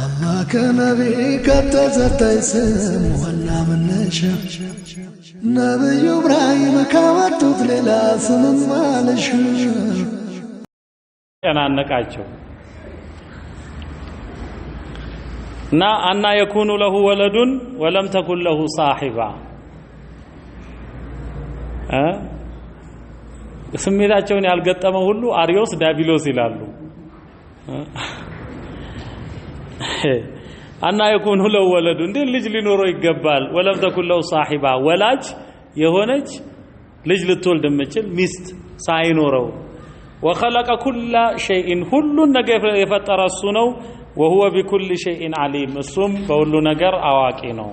አላህ ከነቢ ከተዘታይ ስም ዋና መነሻ ነብዩ እብራሂም ካመጡት ሌላ ስምም ማለሽ ጨናነቃቸው እና አና የኩኑ ለሁ ወለዱን ወለም ተኩን ለሁ ሳሒባ ስሜታቸውን ያልገጠመ ሁሉ አሪዮስ ዳቢሎስ ይላሉ። አና የኩን ለው ወለዱ እንዴ ልጅ ሊኖረው ይገባል። ወለም ተኩን ለው ሳሒባ ወላጅ የሆነች ልጅ ልትወልድ የምችል ሚስት ሳይኖረው ወኸለቀ ኩለ ሸይን ሁሉን ነገር የፈጠረ እሱ ነው። ወሁወ ቢኩል ሸይን ዓሊም እሱም በሁሉ ነገር አዋቂ ነው።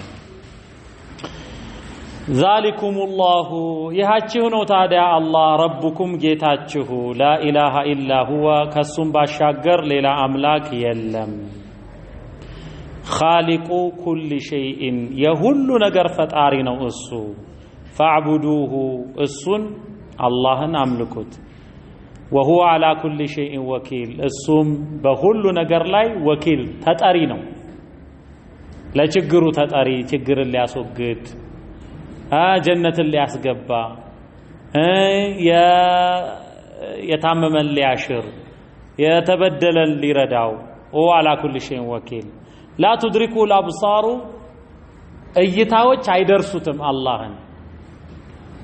ዛሊኩም ላሁ ይሃችሁ ነው ታዲያ አላህ ረቡኩም ጌታችሁ ላኢላሃ ኢላ ሁወ ከእሱም ባሻገር ሌላ አምላክ የለም። ኻሊቁ ኩል ሸይኢን የሁሉ ነገር ፈጣሪ ነው እሱ። ፈዕቡዱሁ እሱን አላህን አምልኩት። ወሁወ ዓላ ኩል ሸይኢን ወኪል እሱም በሁሉ ነገር ላይ ወኪል ተጠሪ ነው። ለችግሩ ተጠሪ ችግርን ሊያስወግድ ጀነትን ሊያስገባ የታመመን ሊያሽር የተበደለን ሊረዳው ወሁወ ዓላ ኩል ሸይኢን ወኪል إيه إيه لا تدركه الابصار ايتاوچ አይدرسوتم اللهن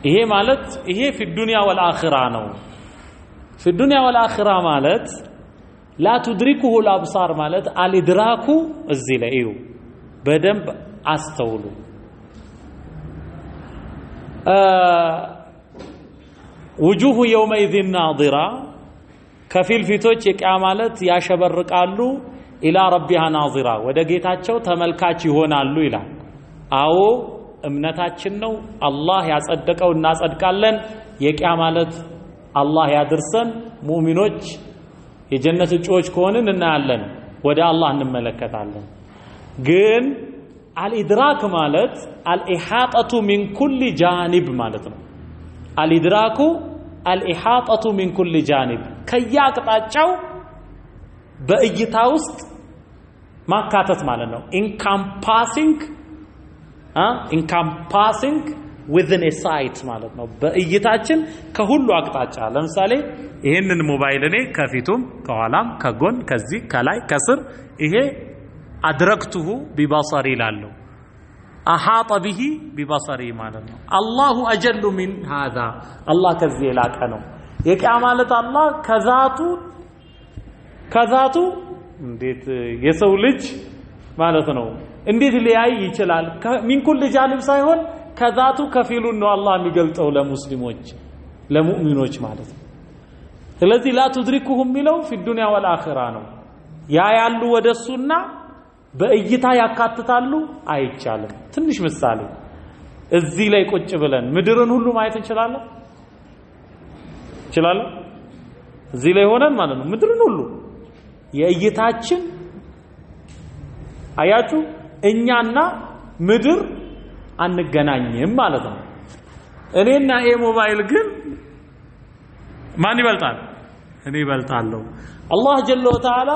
ይሄ ማለት ይሄ في الدنيا والاخره ነው في الدنيا والاخره ማለት لا تدركه الابصار ማለት الادراك እዚ ለዩ በደንብ አስተውሉ وجوه يومئذ ناظرة كفيل فيتوش يقع مالت يا شبر قالو ኢላ ረቢሃ ናዚራ ወደ ጌታቸው ተመልካች ይሆናሉ ይላል። አዎ እምነታችን ነው። አላህ ያጸደቀው እናጸድቃለን። የቂያ ማለት አላህ ያድርሰን። ሙእሚኖች የጀነት እጩዎች ከሆንን እናያለን፣ ወደ አላህ እንመለከታለን። ግን አልኢድራክ ማለት አልኢሓጠቱ ሚን ኩሊ ጃኒብ ማለት ነው። አልኢድራኩ አልኢሓጠቱ ሚን ኩሊ ጃኒብ አቅጣጫው። በእይታ ውስጥ ማካተት ማለት ነው። ኢንካምፓሲንግ ኢንካምፓሲንግ ዊዝን ኤ ሳይት ማለት ነው። በእይታችን ከሁሉ አቅጣጫ ለምሳሌ ይህንን ሞባይል እኔ ከፊቱም፣ ከኋላም፣ ከጎን፣ ከዚህ፣ ከላይ፣ ከስር ይሄ አድረክቱሁ ቢባሰሪ ይላለሁ አሓጠ ብሂ ቢባሰሪ ማለት ነው። አላሁ አጀሉ ሚን ሃዛ አላህ ከዚህ የላቀ ነው። የቅያማ ዕለት አላህ ከዛቱ ከዛቱ እንዴት የሰው ልጅ ማለት ነው እንዴት ሊያይ ይችላል? ሚን ኩል ጃንብ ሳይሆን ከዛቱ ከፊሉን ነው አላህ የሚገልጠው ለሙስሊሞች ለሙእሚኖች ማለት ነው። ስለዚህ ላ ቱድሪኩሁ የሚለው ፊዱንያ ዱንያ ወልአኺራ ነው። ያ ያሉ ወደሱና በእይታ ያካትታሉ አይቻልም። ትንሽ ምሳሌ እዚህ ላይ ቁጭ ብለን ምድርን ሁሉ ማየት እንችላለን እንችላለን። እዚህ ላይ ሆነን ማለት ነው ምድርን ሁሉ የእይታችን አያችሁ እኛና ምድር አንገናኝም ማለት ነው። እኔና ኤ ሞባይል ግን ማን ይበልጣል? እኔ ይበልጣለሁ። አላህ ጀለ ወተዓላ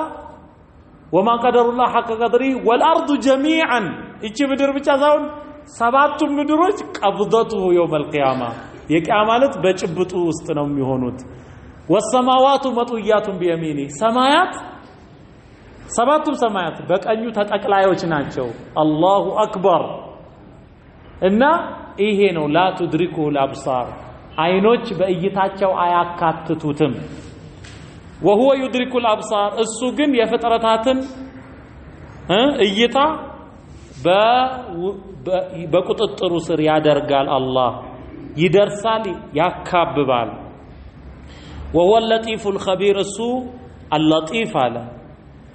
ወማ ቀደሩላህ ሐቀ ቀድሪ ወልአርዱ ጀሚዐን እቺ ምድር ብቻ ሳይሆን ሰባቱም ምድሮች ቀብደቱሁ የውመል ቂያማ የቂያ ማለት በጭብጡ ውስጥ ነው የሚሆኑት። ወሰማዋቱ መጡያቱን ቢየሚኒ ሰማያት ሰባቱም ሰማያት በቀኙ ተጠቅላዮች ናቸው። አላሁ አክበር እና ይሄ ነው ላ ቱድሪኩሁል አብሳር አይኖች በእይታቸው አያካትቱትም። ወሁወ ዩድሪኩል አብሳር እሱ ግን የፍጥረታትን እይታ በቁጥጥሩ ስር ያደርጋል። አላህ ይደርሳል፣ ያካብባል። ወሁወ ለጢፉል ኸቢር እሱ አለጢፍ አለ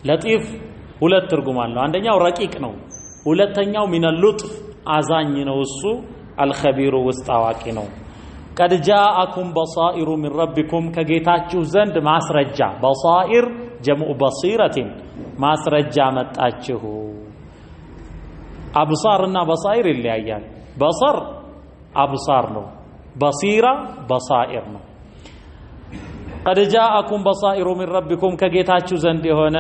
ለጢፍ ሁለት ትርጉም አለው። አንደኛው ረቂቅ ነው። ሁለተኛው ሚነሉጥፍ አዛኝ ነው። እሱ አልኸቢሩ ውስጥ አዋቂ ነው። ቀድ ጃአኩም በሳኢሩ ሚን ረቢኩም ከጌታችሁ ዘንድ ማስረጃ በሳኢር ጀምዑ በሲረቲን ማስረጃ መጣችሁ። አብሳር እና በሳኢር ይለያያል። በሰር አብሳር ነው። በሲራ በሳኢር ነው። ቀድ ጃአኩም በሳኢሩ ሚን ረቢኩም ከጌታችሁ ዘንድ የሆነ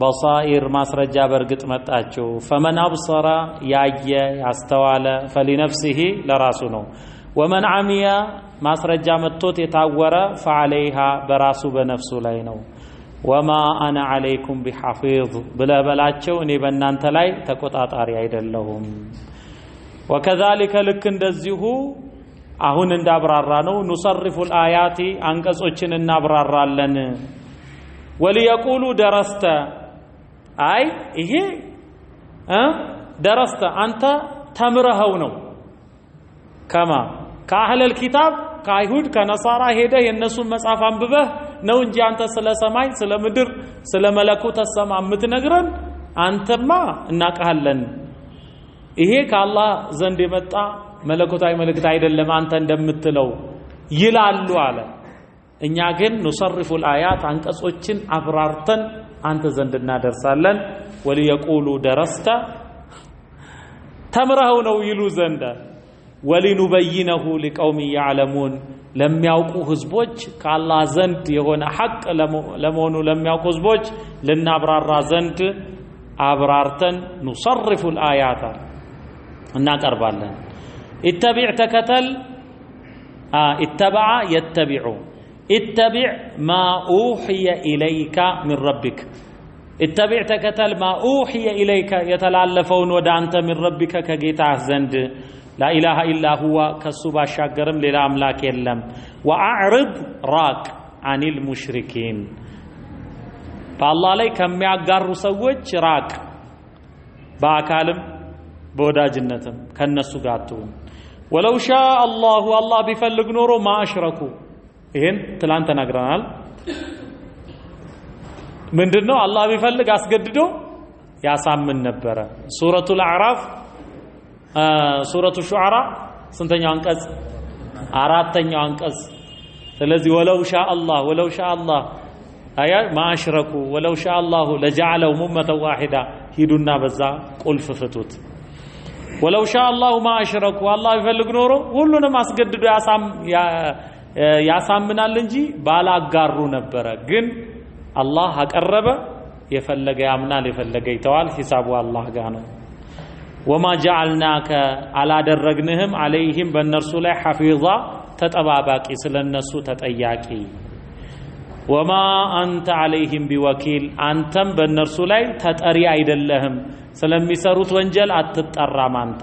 በሳኢር ማስረጃ በእርግጥ መጣችሁ። ፈመን አብሰረ ያየ ያስተዋለ ፈሊነፍሲሂ ለራሱ ነው። ወመን አሚያ ማስረጃ መጥቶት የታወረ ፈዓለይሃ በራሱ በነፍሱ ላይ ነው። ወማ አነ ዓለይኩም ቢሐፊዝ ብለህ በላቸው እኔ በእናንተ ላይ ተቆጣጣሪ አይደለሁም። ወከዛሊከ ልክ እንደዚሁ አሁን እንዳብራራ ነው ኑሰርፉል አያቲ አንቀጾችን እናብራራለን። ወልየቁሉ ደረስተ አይ ይሄ ደረስተ አንተ ተምረኸው ነው። ከማ ከአህለል ኪታብ ከአይሁድ ከነሳራ ሄደህ የእነሱን መጽሐፍ አንብበህ ነው እንጂ አንተ ስለ ሰማይ፣ ስለ ምድር፣ ስለ መለኮተ ሰማ የምትነግረን አንተማ እናውቃለን። ይሄ ከአላህ ዘንድ የመጣ መለኮታዊ መልእክት አይደለም አንተ እንደምትለው ይላሉ አለ። እኛ ግን ኑሰርፉል አያት አንቀጾችን አብራርተን አንተ ዘንድ እናደርሳለን። ወሊየቁሉ ደረስተ ተምረኸው ነው ይሉ ዘንድ ወሊኑበይነሁ ሊቀውም ያዕለሙን ለሚያውቁ ህዝቦች ከአላህ ዘንድ የሆነ ሐቅ ለመሆኑ ለሚያውቁ ህዝቦች ልናብራራ ዘንድ አብራርተን ኑሰርፉል አያት እናቀርባለን። اتبع تكتل آه اتبع يتبع اتبع ما أوحي إليك من ربك اتبع تكتل ما أوحي إليك يتلالفون ودانت من ربك كجيت زند لا إله إلا هو كسبا شاقرم للا أملاك يلم وأعرض راك عن المشركين فالله عليك كم يعقر سوج راك باكالم በወዳጅነትም ከነሱ ጋር አትሁን ولو شاء الله الله بفلق نوره ما أشركوا إيهن تلان تناقران من دنو الله بفلق أسقددو يا سام من نبرة سورة الأعراف آه سورة الشعراء سنتين أنكز أراتين أنكز الذي ولو شاء الله ولو شاء الله أي ما أشركوا ولو شاء الله لجعلهم أمة واحدة هيدونا بزا قل ففتوت ወለው ሻ አላሁ ማ አሽረኩ አላህ ቢፈልግ ኖሮ ሁሉንም አስገድዶ ያሳምናል እንጂ ባላጋሩ ነበረ። ግን አላህ አቀረበ። የፈለገ ያምናል፣ የፈለገ ይተዋል። ሂሳቡ አላህ ጋር ነው። ወማ ጀዐልናከ አላደረግንህም፣ አለይህም በእነርሱ ላይ ሐፊዛ ተጠባባቂ፣ ስለነሱ ተጠያቂ ወማ አንተ አለይህም ቢወኪል አንተም በእነርሱ ላይ ተጠሪ አይደለህም። ስለሚሰሩት ወንጀል አትጠራም አንተ